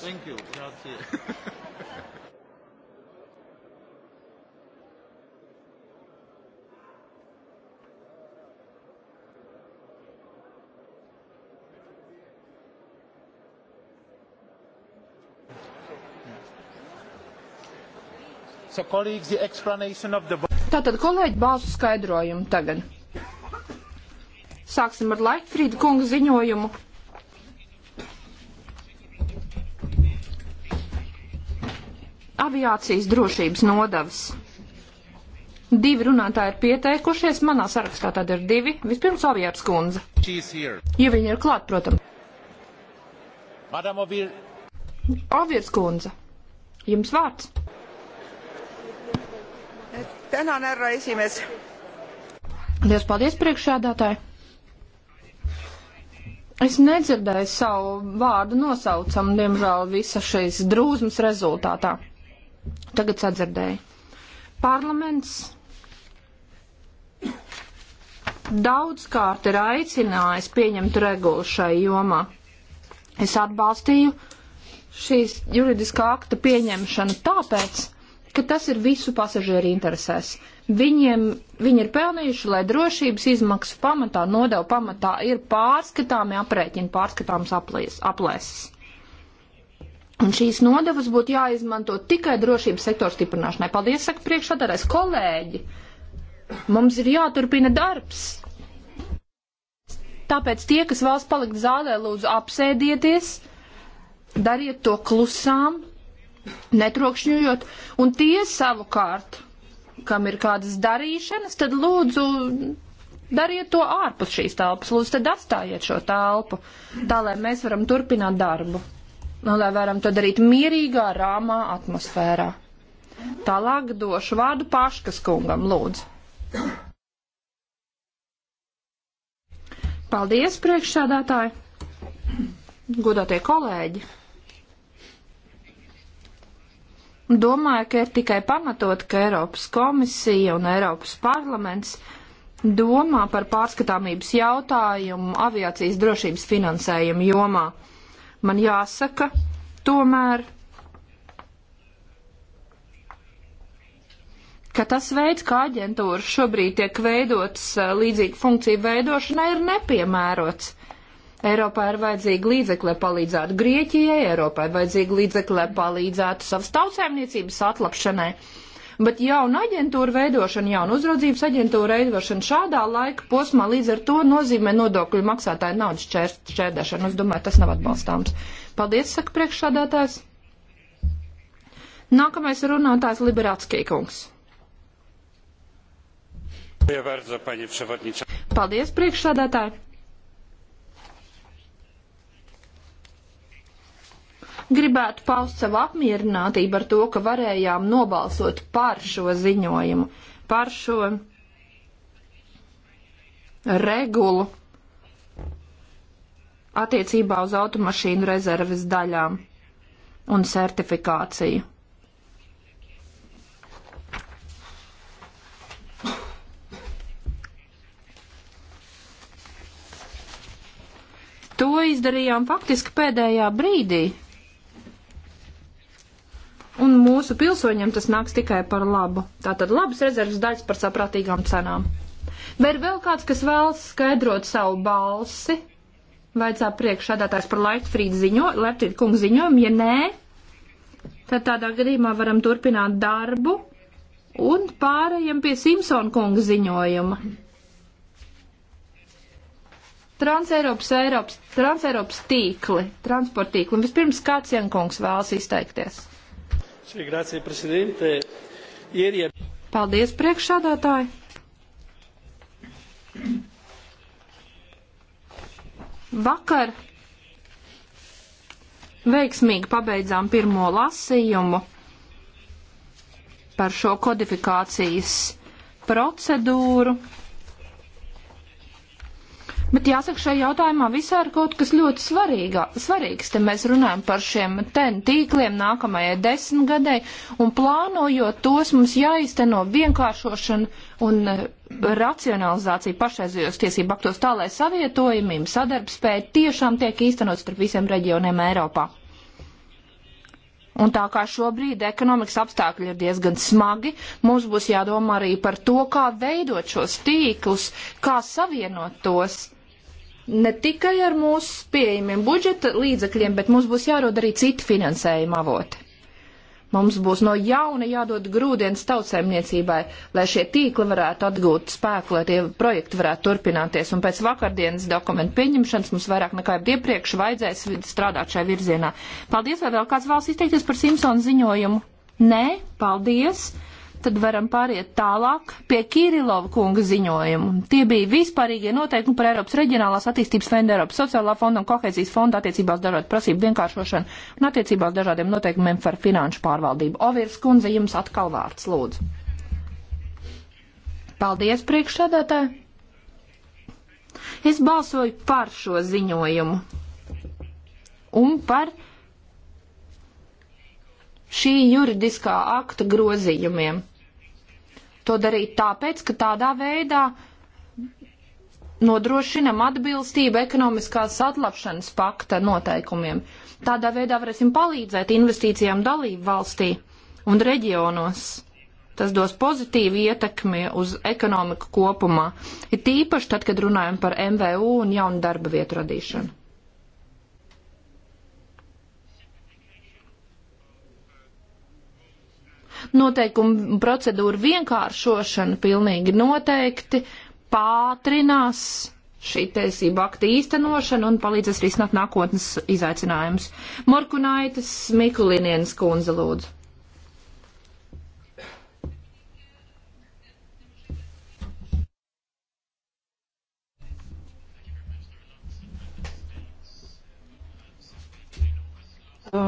Thank you. Grazie. Tātad, kolēģi, balsu skaidrojumu tagad. Sāksim ar Laikfrīda kunga ziņojumu. aviācijas drošības nodavas. Divi runātāji ir pieteikušies, manā sarakstā tad ir divi. Vispirms Avjārs kundze. Ja viņi ir klāt, protams. Avjārs kundze, jums vārds. Tänan, härra esimees. Liels paldies, priekšsēdētāji. Es nedzirdēju savu vārdu nosaucam, diemžēl, visas šīs drūzmas rezultātā. Tagad sadzirdēju. Parlaments daudzkārt ir aicinājis pieņemt regulu šai jomā. Es atbalstīju šīs juridiskā akta pieņemšanu tāpēc, ka tas ir visu pasažieru interesēs. Viņiem, viņi ir pelnījuši, lai drošības izmaksu pamatā, nodevu pamatā ir pārskatāmi aprēķini, pārskatāms aplēses. Un šīs nodevas būtu jāizmanto tikai drošības sektora stiprināšanai. Paldies, saka priekšsādārais kolēģi. Mums ir jāturpina darbs. Tāpēc tie, kas vēlas palikt zālē, lūdzu apsēdieties, dariet to klusām, netrokšņojot, un tie savukārt, kam ir kādas darīšanas, tad lūdzu dariet to ārpus šīs telpas, lūdzu tad atstājiet šo telpu, tā lai mēs varam turpināt darbu un lai varam to darīt mierīgā, rāmā atmosfērā. Tālāk došu vārdu Paškas kungam, lūdzu. Paldies, priekšsādātāji, godātie kolēģi. Domāju, ka ir tikai pamatot, ka Eiropas komisija un Eiropas parlaments domā par pārskatāmības jautājumu aviācijas drošības finansējumu jomā man jāsaka, tomēr, ka tas veids, kā aģentūras šobrīd tiek veidotas līdzīgu funkciju veidošanai, ir nepiemērots. Eiropā ir vajadzīga līdzekļa, lai palīdzētu Grieķijai, Eiropā ir vajadzīga līdzekļa, lai palīdzētu savas tautsēmniecības atlapšanai. Uh, bet jauna aģentūra veidošana, jauna uzraudzības aģentūra veidošana šādā laika posmā līdz ar to nozīmē nodokļu maksātāju naudas šķērdēšanu. Es domāju, tas nav atbalstāms. Paldies, saka priekšsādātājs. Nākamais runātājs Liberāts Kīkungs. Paldies, priekšsādātāji! gribētu paust savu apmierinātību ar to, ka varējām nobalsot par šo ziņojumu, par šo regulu attiecībā uz automašīnu rezerves daļām un certifikāciju. To izdarījām faktiski pēdējā brīdī, mūsu pilsoņiem tas nāks tikai par labu. Tātad labas rezerves daļas par saprātīgām cenām. Vai ir vēl kāds, kas vēlas skaidrot savu balsi? Vajadzā priekšādātājs par Leitfrīd ziņo, Leitfrīd kungu ziņojumu, ja nē, tad tādā gadījumā varam turpināt darbu un pārējiem pie Simpsona kunga ziņojuma. Transeiropas, Eiropas, Transeiropas tīkli, transporta tīkli. Vispirms kāds Jankungs vēlas izteikties. Paldies, priekšsādātāji! Vakar veiksmīgi pabeidzām pirmo lasījumu par šo kodifikācijas procedūru. Bet jāsaka, šajā jautājumā visā ir kaut kas ļoti svarīgā, svarīgs. Te mēs runājam par šiem ten tīkliem nākamajai desmitgadē, un plānojot tos mums jāizteno vienkāršošana un eh, racionalizācija pašreizējos tiesību aktos tā, lai savietojumība, sadarbspēja tiešām tiek īstenot starp visiem reģioniem Eiropā. Un tā kā šobrīd ekonomikas apstākļi ir diezgan smagi, mums būs jādomā arī par to, kā veidot šos tīklus, kā savienot tos ne tikai ar mūsu pieejamiem budžeta līdzekļiem, bet mums būs jārod arī citi finansējuma avoti. Mums būs no jauna jādod grūdienas tautsēmniecībai, lai šie tīkli varētu atgūt spēku, lai tie projekti varētu turpināties. Un pēc vakardienas dokumentu pieņemšanas mums vairāk nekā iepriekš vajadzēs strādāt šai virzienā. Paldies, vai vēl kāds vēlas izteikties par Simpsonu ziņojumu? Nē, paldies! tad varam pāriet tālāk pie Kirilova kunga ziņojumu. Tie bija vispārīgie noteikumi par Eiropas reģionālās attīstības fondu, Eiropas sociālā fonda un kohēzijas fonda attiecībā uz dažādu prasību vienkāršošanu un attiecībā uz dažādiem noteikumiem par finanšu pārvaldību. Ovirs kundze, jums atkal vārds, lūdzu. Paldies, priekšsēdētāji! Es balsoju par šo ziņojumu un par šī juridiskā akta grozījumiem. To darīt tāpēc, ka tādā veidā nodrošinam atbilstību ekonomiskās atlapšanas pakta noteikumiem. Tādā veidā varēsim palīdzēt investīcijām dalību valstī un reģionos. Tas dos pozitīvu ietekmi uz ekonomiku kopumā, ir tīpaši tad, kad runājam par MVU un jaunu darba vietu radīšanu. noteikumu procedūru vienkāršošana pilnīgi noteikti pātrinās šī tiesība akta īstenošana un palīdzēs risināt nākotnes izaicinājumus. Morkunaitis Mikulīnienes kundze lūdzu.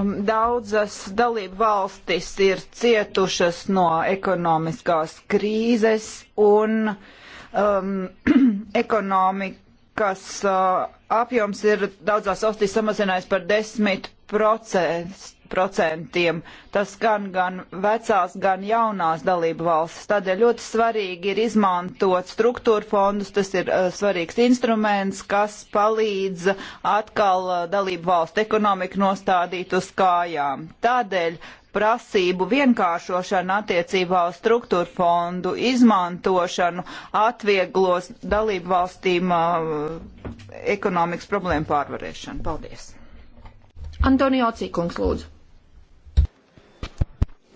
um, daudzas dalību valstis ir cietušas no ekonomiskās krīzes un um, ekonomikas uh, apjoms ir daudzās valstīs samazinājis par 10% procentiem. Tas gan, gan vecās, gan jaunās dalību valstis. Tādēļ ļoti svarīgi ir izmantot struktūra fondus. Tas ir uh, svarīgs instruments, kas palīdz atkal uh, dalību valstu ekonomiku nostādīt uz kājām. Tādēļ prasību vienkāršošana attiecībā uz struktūra fondu izmantošanu atvieglos dalību valstīm uh, ekonomikas problēmu pārvarēšanu. Paldies! Antonio Cīkungs, lūdzu.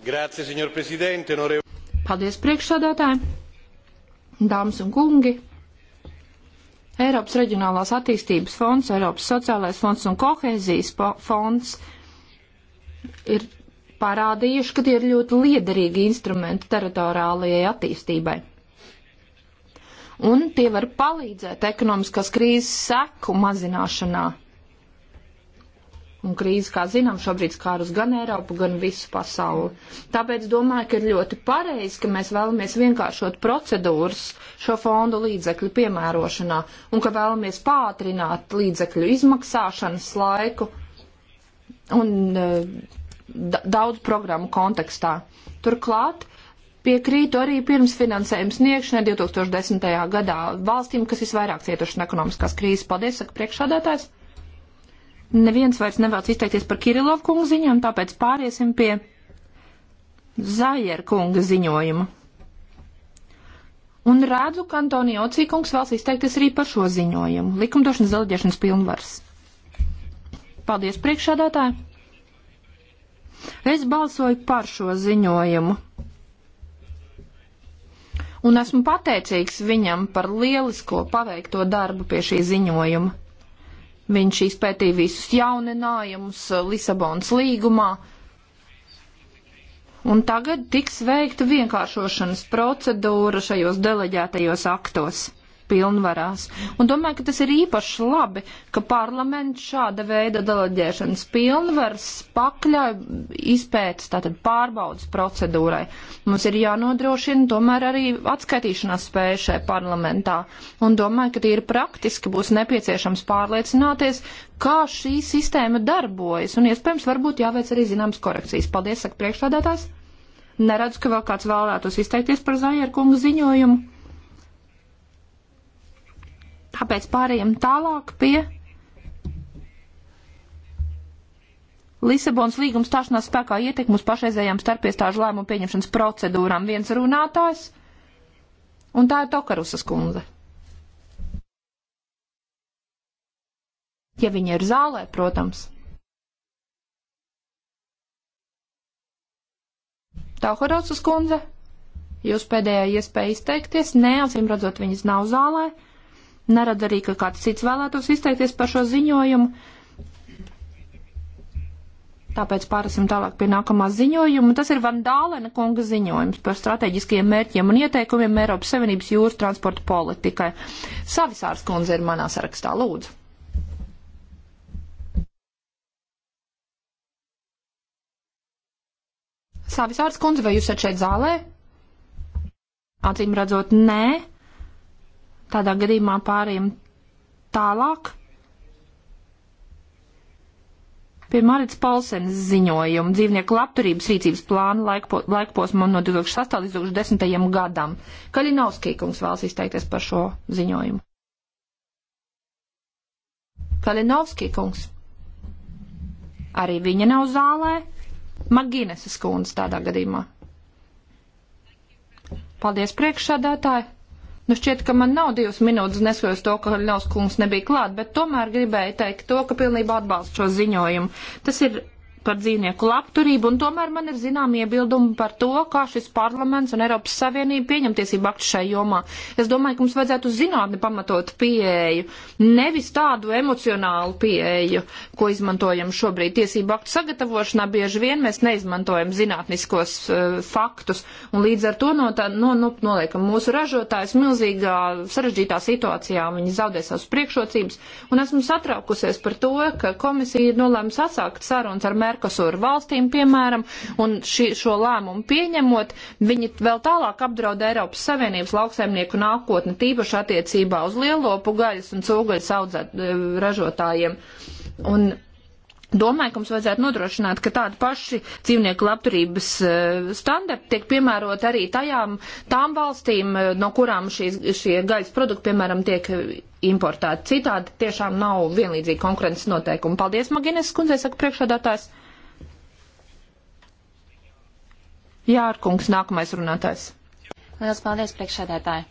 Grāci, senjor prezidente, norē. Paldies priekšsādātājiem, dāmas un kungi. Eiropas reģionālās attīstības fonds, Eiropas sociālais fonds un kohēzijas fonds ir parādījuši, ka tie ir ļoti liederīgi instrumenti teritoriālajai attīstībai. Un tie var palīdzēt ekonomiskās krīzes seku mazināšanā Un krīze, kā zinām, šobrīd skārus gan Eiropu, gan visu pasauli. Tāpēc domāju, ka ir ļoti pareizi, ka mēs vēlamies vienkāršot procedūras šo fondu līdzekļu piemērošanā un ka vēlamies pātrināt līdzekļu izmaksāšanas laiku un eh, daudz programmu kontekstā. Turklāt piekrītu arī pirms finansējuma sniegšanai 2010. gadā valstīm, kas visvairāk cietuši no ekonomiskās krīzes. Paldies, saka priekšādātājs. Neviens vairs nevēlas izteikties par Kirilov kungu ziņām, tāpēc pāriesim pie Zajer kunga ziņojuma. Un redzu, ka Antonija Ocīkungs vēlas izteikties arī par šo ziņojumu. Likumdošanas zaļģiešanas pilnvars. Paldies priekšādātāji. Es balsoju par šo ziņojumu. Un esmu pateicīgs viņam par lielisko paveikto darbu pie šī ziņojuma. Viņš izpētīja visus jauninājumus Lisabonas līgumā. Un tagad tiks veikta vienkāršošanas procedūra šajos deleģētajos aktos pilnvarās. Un domāju, ka tas ir īpaši labi, ka parlaments šāda veida deleģēšanas pilnvaras pakļauj izpētes, tātad pārbaudas procedūrai. Mums ir jānodrošina tomēr arī atskaitīšanās spēja šai parlamentā. Un domāju, ka tie ir praktiski, būs nepieciešams pārliecināties, kā šī sistēma darbojas. Un iespējams, varbūt jāveic arī zināmas korekcijas. Paldies, saka priekšstādātājs. Neredzu, ka vēl kāds vēlētos izteikties par Zajerkunga ziņojumu. Tāpēc pārējiem tālāk pie Lisabonas līguma stāšanās spēkā ietekmu uz pašreizējām starpiestāžu lēmumu pieņemšanas procedūrām viens runātājs, un tā ir Tokarusas kundze. Ja viņa ir zālē, protams. Tauharaucas kundze, jūs pēdējā iespēja izteikties, nē, acīm redzot, viņas nav zālē. Neradu arī, ka kāds cits vēlētos izteikties par šo ziņojumu. Tāpēc pārasim tālāk pie nākamā ziņojuma. Tas ir Vandālena kunga ziņojums par strateģiskiem mērķiem un ieteikumiem Eiropas Savienības jūras transporta politikai. Savisārs kundze ir manā sarakstā. Lūdzu. Savisārs kundze, vai jūs esat šeit zālē? Acīm redzot, nē. Tādā gadījumā pāriem tālāk pie Marits Polsenes ziņojuma dzīvnieku labturības rīcības plāna laikpo, laikposmā no 2008. līdz 2010. gadam. Kaļinovskī kungs vēlas izteikties par šo ziņojumu. Kaļinovskī kungs. Arī viņa nav zālē. Magineses kundze tādā gadījumā. Paldies priekšsādātāji. Nu, šķiet, ka man nav divas minūtes, neskatoties to, ka Ļaus kungs nebija klāt, bet tomēr gribēju teikt to, ka pilnībā atbalstu šo ziņojumu. Tas ir par dzīvnieku labturību, un tomēr man ir zinām iebildumi par to, kā šis parlaments un Eiropas Savienība pieņem tiesību aktu šai jomā. Es domāju, ka mums vajadzētu zinātni pamatot pieeju, nevis tādu emocionālu pieeju, ko izmantojam šobrīd tiesību aktu sagatavošanā. Bieži vien mēs neizmantojam zinātniskos uh, faktus, un līdz ar to no tā, no, no, nu, noliekam mūsu ražotājs milzīgā sarežģītā situācijā, viņi zaudē savus priekšrocības, un esmu satraukusies par to, ka komisija ir nolēmusi atsākt sarunas ar mērķi Merkosur valstīm, piemēram, un šī, šo lēmumu pieņemot, viņi vēl tālāk apdraud Eiropas Savienības lauksaimnieku nākotni, tīpaši attiecībā uz lielopu gaļas un cūgaļas audzēt e, ražotājiem. Un Domāju, ka mums vajadzētu nodrošināt, ka tādi paši dzīvnieku labturības e, standarti tiek piemērot arī tajām tām valstīm, e, no kurām šīs, šie gaļas produkti, piemēram, tiek importēti. Citādi tiešām nav vienlīdzīgi konkurences noteikumi. Paldies, Magines, kundzei, saka priekšādātājs. Jārkungs, nākamais runātājs. Lielas paldies, priekšsēdētāji!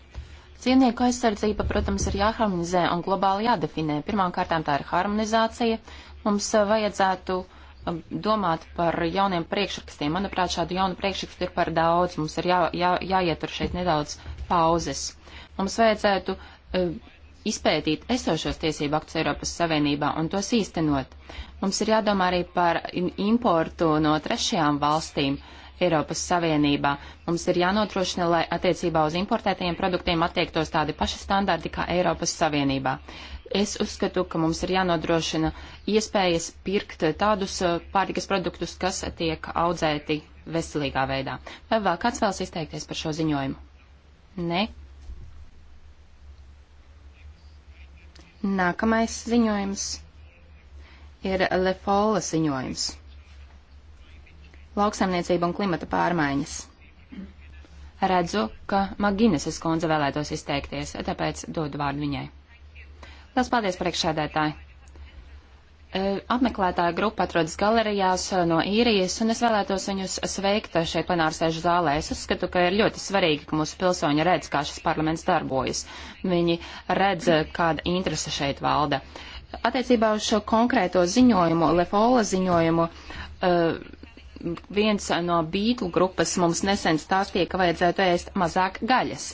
Cienīgu aizsardzība, protams, ir jāharmonizē un globāli jādefinē. Pirmkārt, tā ir harmonizācija. Mums eh, vajadzētu eh, domāt par jauniem priekšrakstiem. Manuprāt, šādu jaunu priekšrakstu ir par daudz. Mums ir jā, jā, jāietur šeit nedaudz pauzes. Mums vajadzētu uh, izpētīt esošos tiesību aktus Eiropas Savienībā un tos īstenot. Mums ir jādomā arī par importu no trešajām valstīm. Uh, Eiropas Savienībā. Mums ir jānodrošina, lai attiecībā uz importētajiem produktiem attiektos tādi paši standarti kā Eiropas Savienībā. Es uzskatu, ka mums ir jānodrošina iespējas pirkt tādus eh, pārtikas produktus, kas tiek audzēti veselīgā veidā. Vai vēl kāds vēlas izteikties par šo ziņojumu? Nē. Nākamais ziņojums ir Lefola ziņojums lauksaimniecība un klimata pārmaiņas. Redzu, ka Magineses kundze vēlētos izteikties, tāpēc dodu vārdu viņai. Lielas paldies, priekšsēdētāji! E, apmeklētāja grupa atrodas galerijās no īrijas, un es vēlētos viņus sveikt šeit plenārsēžu zālē. Es uzskatu, ka ir ļoti svarīgi, ka mūsu pilsoņi redz, kā šis parlaments darbojas. Viņi redz, kāda interese šeit valda. Attiecībā uz šo konkrēto ziņojumu, Lefola ziņojumu, uh, viens no bītlu grupas mums nesen stāstīja, ka vajadzētu ēst mazāk gaļas.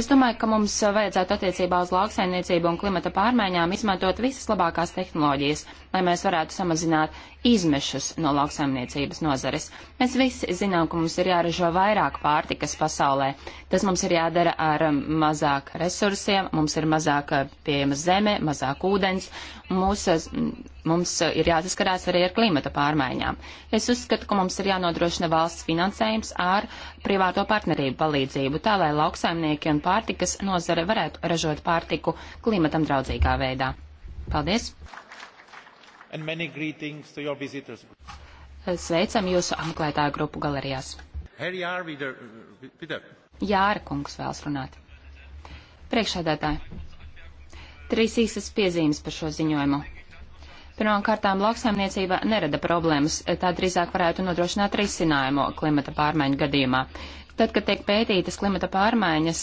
Es domāju, ka mums vajadzētu attiecībā uz lauksaimniecību un klimata pārmaiņām izmantot visas labākās tehnoloģijas, lai mēs varētu samazināt izmešus no lauksaimniecības nozares. Mēs visi zinām, ka mums ir jāražo vairāk pārtikas pasaulē. Tas mums ir jādara ar um, mazāk resursiem, mums ir mazāk uh, pieejama zeme, mazāk ūdens, mūs, uh, mums uh, ir jāsaskarās arī ar klimata pārmaiņām. Es uzskatu, ka mums ir jānodrošina valsts finansējums ar privāto partnerību palīdzību, tā lai lauksaimnieki un pārtikas nozare varētu ražot pārtiku klimatam draudzīgā veidā. Paldies! and many greetings to your visitors. Sveicam jūsu apmeklētāju grupu galerijās. Herr Jār, wieder, bitte. Jāra kungs vēlas runāt. Priekšsēdētāji, trīs īsas piezīmes par šo ziņojumu. Pirmkārtām, lauksaimniecība nerada problēmas, tā drīzāk varētu nodrošināt risinājumu klimata pārmaiņu gadījumā. Tad, kad tiek pētītas klimata pārmaiņas,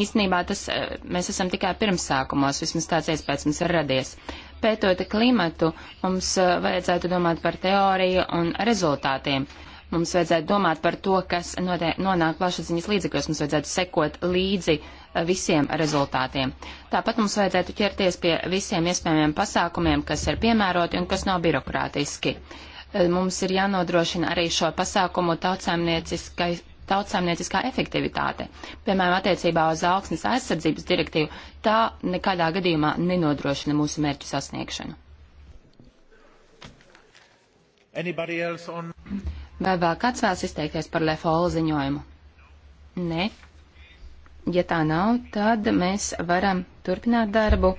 īstenībā tas eh, mēs esam tikai pirmsākumos, vismaz tāds iespējas mums ir radies. Pētot klimatu, mums eh, vajadzētu domāt par teoriju un rezultātiem. Mums vajadzētu domāt par to, kas nonāk plašsaziņas līdzekļos. Mums vajadzētu sekot līdzi eh, visiem rezultātiem. Tāpat mums vajadzētu ķerties pie visiem iespējamiem pasākumiem, kas ir piemēroti un kas nav birokrātiski. Eh, mums ir jānodrošina arī šo pasākumu tautsēmnieciskais tautsāmnieciskā efektivitāte. Piemēram, attiecībā uz augsnes aizsardzības direktīvu, tā nekādā gadījumā nenodrošina mūsu mērķu sasniegšanu. On... Vai vēl kāds vēlas izteikties par Lefola ziņojumu? Nē. Ja tā nav, tad mēs varam turpināt darbu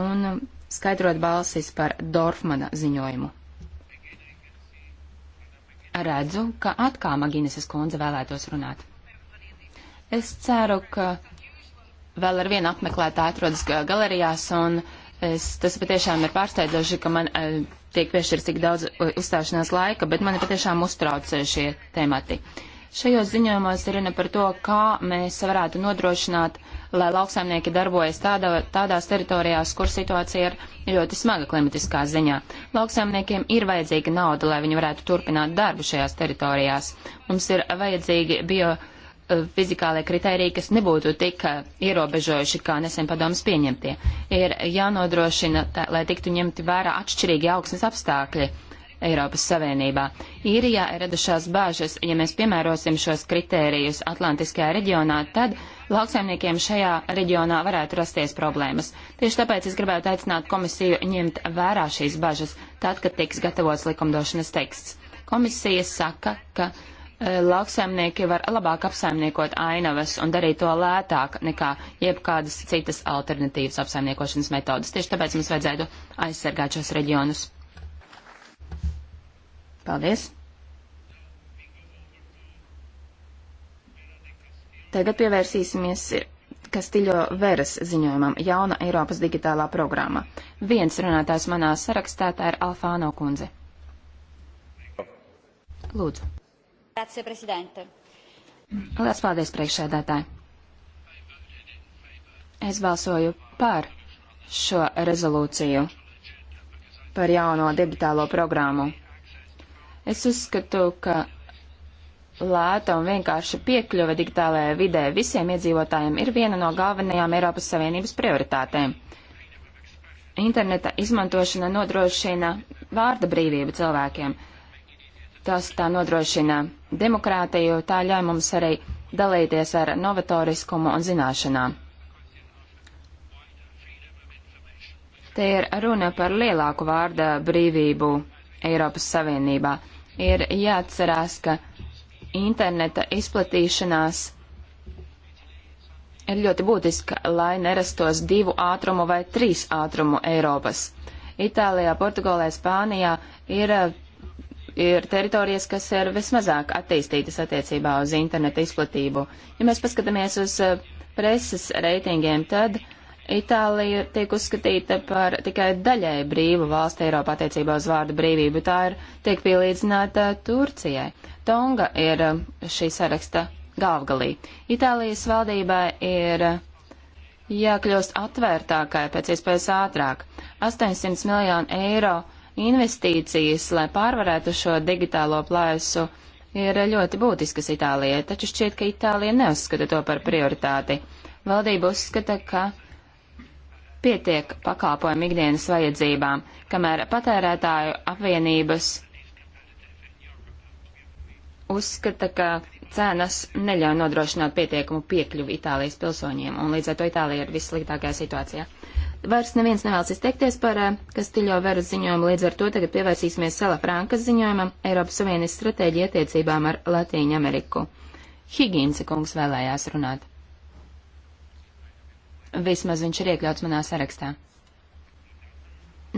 un skaidrot balsis par Dorfmana ziņojumu redzu, ka atkal Magineses kundze vēlētos runāt. Es ceru, ka vēl ar vienu apmeklētāju atrodas galerijās, un es, tas patiešām ir pārsteidzoši, ka man uh, tiek piešķirts tik daudz uzstāšanās laika, bet mani patiešām uztrauc eh, šie temati. Uh, Šajos ziņojumos ir runa par to, kā mēs varētu nodrošināt, lai lauksaimnieki darbojas tādā, tādās teritorijās, kur situācija ir ļoti smaga klimatiskā ziņā. Lauksaimniekiem ir vajadzīga nauda, lai viņi varētu turpināt darbu šajās teritorijās. Mums ir vajadzīgi bio eh, fizikālie kriteriji, kas nebūtu tik eh, ierobežojuši kā nesen padomas pieņemtie. Ir jānodrošina, tā, lai tiktu ņemti vērā atšķirīgi augsnes apstākļi Eiropas Savienībā. Īrijā ir radušās bāžas, ja mēs piemērosim šos kritērijus Atlantiskajā reģionā, tad lauksaimniekiem šajā reģionā varētu rasties problēmas. Tieši tāpēc es gribētu aicināt komisiju ņemt vērā šīs bažas, tad, kad tiks gatavots likumdošanas teksts. Komisija saka, ka e, lauksaimnieki var labāk apsaimniekot ainavas un darīt to lētāk nekā jebkādas citas alternatīvas apsaimniekošanas metodas. Tieši tāpēc mums vajadzētu aizsargāt šos reģionus. Paldies! Tagad pievērsīsimies Kastiļo Veras ziņojumam Jauna Eiropas digitālā programma. Viens runātājs manā sarakstā tā ir Alfāno kundze. Lūdzu. Grazie, prezidente. Lielas paldies, priekšsēdētāji. Es balsoju par šo rezolūciju par jauno digitālo programmu Es uzskatu, ka lēta un vienkārša piekļuve digitālajai vidē visiem iedzīvotājiem ir viena no galvenajām Eiropas Savienības prioritātēm. Interneta izmantošana nodrošina vārda brīvību cilvēkiem. Tas tā nodrošina demokrātiju, tā ļauj mums arī dalīties ar novatoriskumu un zināšanām. Te ir runa par lielāku vārda brīvību Eiropas Savienībā ir jāatcerās, ka interneta izplatīšanās ir ļoti būtiska, lai nerastos divu ātrumu vai trīs ātrumu Eiropas. Itālijā, Portugālē, Spānijā ir, ir teritorijas, kas ir vismazāk attīstītas attiecībā uz interneta izplatību. Ja mēs paskatāmies uz eh, preses reitingiem, tad uh, Itālija tiek uzskatīta par tikai daļai brīvu valsti Eiropā attiecībā uz vārdu brīvību. Tā ir tiek pielīdzināta Turcijai. Tonga ir um, šī saraksta galvgalī. Itālijas valdībai ir jākļūst atvērtākai pēc iespējas ātrāk. 800 miljonu eiro investīcijas, lai pārvarētu šo digitālo plaisu, ir ļoti būtiskas Itālijai, taču šķiet, ka Itālija neuzskata to par prioritāti. Valdība uzskata, ka pietiek pakāpojumu ikdienas vajadzībām, kamēr patērētāju apvienības uzskata, ka cenas neļauj nodrošināt pietiekumu piekļuvi Itālijas pilsoņiem, un līdz ar to Itālija ir vissliktākajā situācijā. Vairs neviens nevēlas izteikties par eh, Kastīļo veru ziņojumu, līdz ar to tagad pievērsīsimies Sela Frankas ziņojumam Eiropas Savienības stratēģija attiecībām ar Latīņu Ameriku. Higīnce kungs vēlējās runāt. Vismaz viņš ir iekļauts manā sarakstā.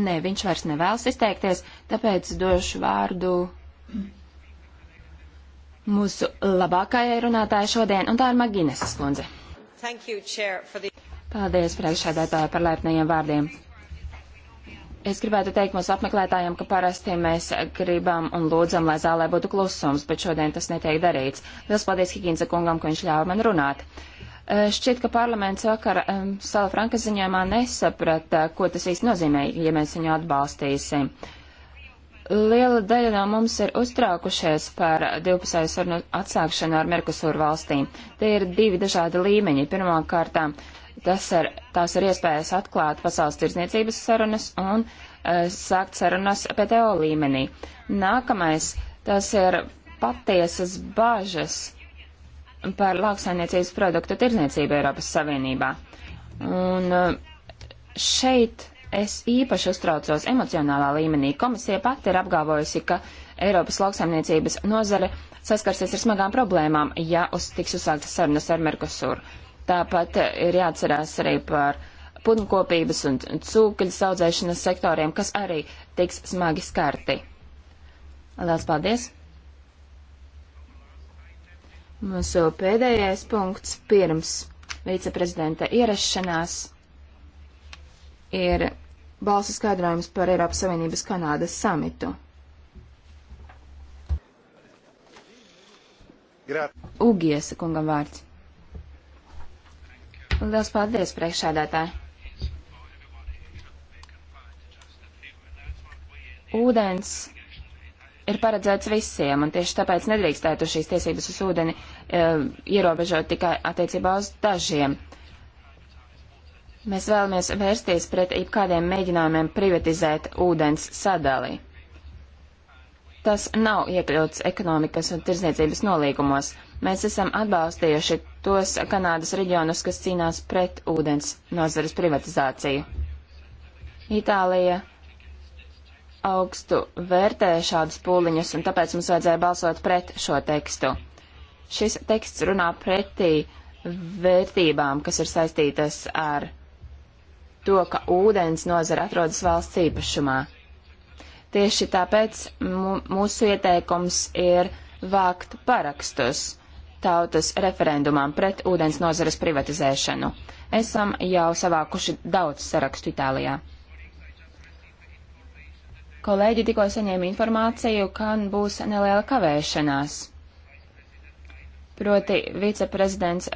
Nē, viņš vairs nevēlas izteikties, tāpēc došu vārdu mūsu labākajai runātājai šodien, un tā ir Maginas skundze. The... Paldies priekšādātāji par laipnajiem vārdiem. Es gribētu teikt mūsu apmeklētājiem, ka parasti mēs gribam un lūdzam, lai zālē būtu klusums, bet šodien tas netiek darīts. Liels paldies Higinsa kungam, ka viņš ļāva man runāt. Eh, šķiet, ka parlaments vakar um, Sala Franka ziņojumā nesaprata, ko tas īsti nozīmē, ja mēs viņu atbalstīsim. Liela daļa no mums ir uztraukušies par divpusēju sarunu atsākšanu ar Merkusūru valstīm. Te ir divi dažādi līmeņi. Pirmā kārtā tas ir, tās ir iespējas atklāt pasaules tirsniecības sarunas un uh, sākt sarunas PTO līmenī. Nākamais, tas ir patiesas bažas par lauksainiecības produktu tirzniecību Eiropas Savienībā. Un eh, šeit es īpaši uztraucos emocionālā līmenī. Komisija pati ir apgalvojusi, ka Eiropas lauksaimniecības nozare saskarsies ar smagām problēmām, ja uz tiks uzsāktas sarunas ar Merkosuru. Tāpat eh, ir jāatcerās arī par putnkopības un cūkaļas audzēšanas sektoriem, kas arī tiks smagi skarti. Lielas paldies! Mūsu pēdējais punkts pirms viceprezidenta ierašanās ir balsu skaidrojums par Eiropas Savienības Kanādas samitu. Ugiesa kungam vārds. Liels paldies, priekšsēdētāji. Ūdens ir paredzēts visiem, un tieši tāpēc nedrīkstētu šīs tiesības uz ūdeni e, ierobežot tikai attiecībā uz dažiem. Mēs vēlamies vērsties pret jebkādiem mēģinājumiem privatizēt ūdens sadalī. Tas nav iekļauts ekonomikas un tirzniecības nolīgumos. Mēs esam atbalstījuši tos Kanādas reģionus, kas cīnās pret ūdens nozares privatizāciju. Itālija augstu vērtē šādus pūliņus, un tāpēc mums vajadzēja balsot pret šo tekstu. Šis teksts runā pretī vērtībām, kas ir saistītas ar to, ka ūdens nozara atrodas valsts īpašumā. Tieši tāpēc mūsu ieteikums ir vākt parakstus tautas referendumam pret ūdens nozares privatizēšanu. Esam jau savākuši daudz sarakstu Itālijā. Kolēģi tikko saņēma informāciju, ka būs neliela kavēšanās. Proti viceprezidents